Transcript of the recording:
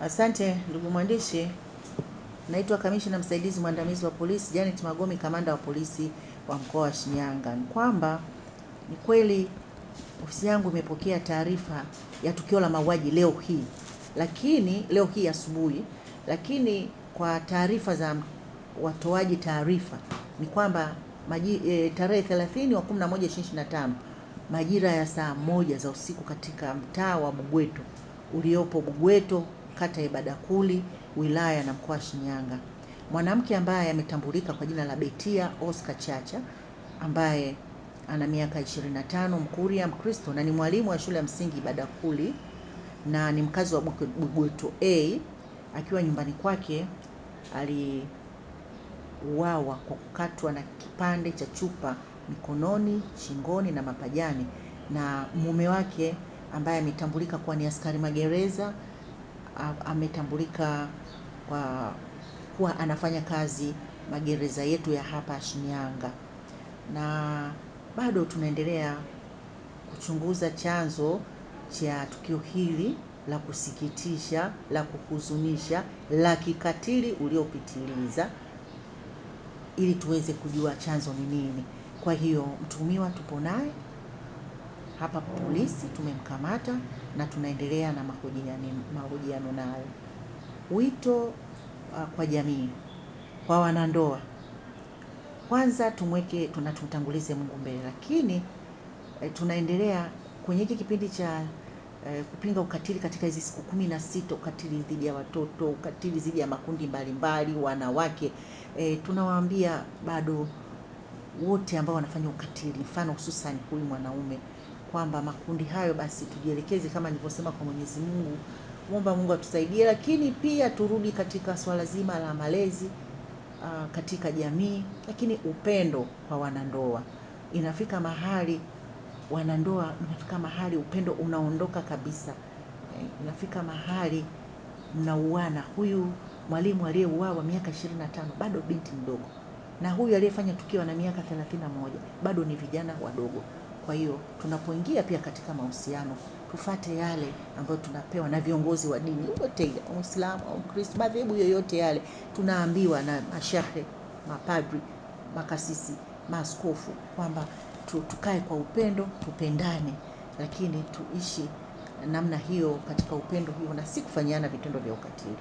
Asante ndugu mwandishi. Naitwa Kamishna Msaidizi Mwandamizi wa Polisi Janet Magomi, kamanda wa polisi wa mkoa wa Shinyanga. Ni kwamba ni kweli ofisi yangu imepokea taarifa ya tukio la mauaji leo hii, lakini leo hii asubuhi, lakini kwa taarifa za watoaji taarifa ni kwamba e, tarehe 30 wa 11 2025 majira ya saa moja za usiku katika mtaa wa Bugweto uliopo Bugweto kata ya Ibadakuli, wilaya na mkoa wa Shinyanga, mwanamke ambaye ametambulika kwa jina la Betia Oscar Chacha ambaye ana miaka 25, Mkuria, Mkristo na ni mwalimu wa shule ya msingi Ibadakuli na ni mkazi wa Bugweto A. Akiwa nyumbani kwake aliuawa kwa kukatwa na kipande cha chupa mikononi, shingoni na mapajani na mume wake ambaye ametambulika kuwa ni askari magereza ametambulika kwa kuwa anafanya kazi magereza yetu ya hapa Shinyanga, na bado tunaendelea kuchunguza chanzo cha tukio hili la kusikitisha, la kuhuzunisha, la kikatili uliopitiliza ili tuweze kujua chanzo ni nini. Kwa hiyo mtuhumiwa tupo naye hapa polisi tumemkamata na tunaendelea na mahojiano nayo. Wito uh, kwa jamii, kwa wanandoa, kwanza tumweke tunatutangulize Mungu mbele, lakini eh, tunaendelea kwenye hiki kipindi cha eh, kupinga ukatili katika hizi siku kumi na sita, ukatili dhidi ya watoto, ukatili dhidi ya makundi mbalimbali mbali, wanawake eh, tunawaambia bado wote ambao wanafanya ukatili, mfano hususani huyu mwanaume kwamba makundi hayo basi tujielekeze kama nilivyosema kwa Mwenyezi Mungu, muomba Mungu atusaidie, lakini pia turudi katika swala zima la malezi uh, katika jamii, lakini upendo kwa wanandoa. Inafika mahali wanandoa, inafika mahali upendo unaondoka kabisa, eh, inafika mahali mnauana. Huyu mwalimu aliyeuawa miaka 25 bado binti mdogo, na huyu aliyefanya tukio ana miaka 31 bado ni vijana wadogo. Kwa hiyo tunapoingia pia katika mahusiano tufate yale ambayo tunapewa na viongozi wa dini yote ile, Uislamu au Ukristo, madhehebu yoyote yale, tunaambiwa na mashehe, mapadri, makasisi, maaskofu kwamba tukae kwa upendo, tupendane, lakini tuishi namna hiyo katika upendo huo na si kufanyiana vitendo vya ukatili.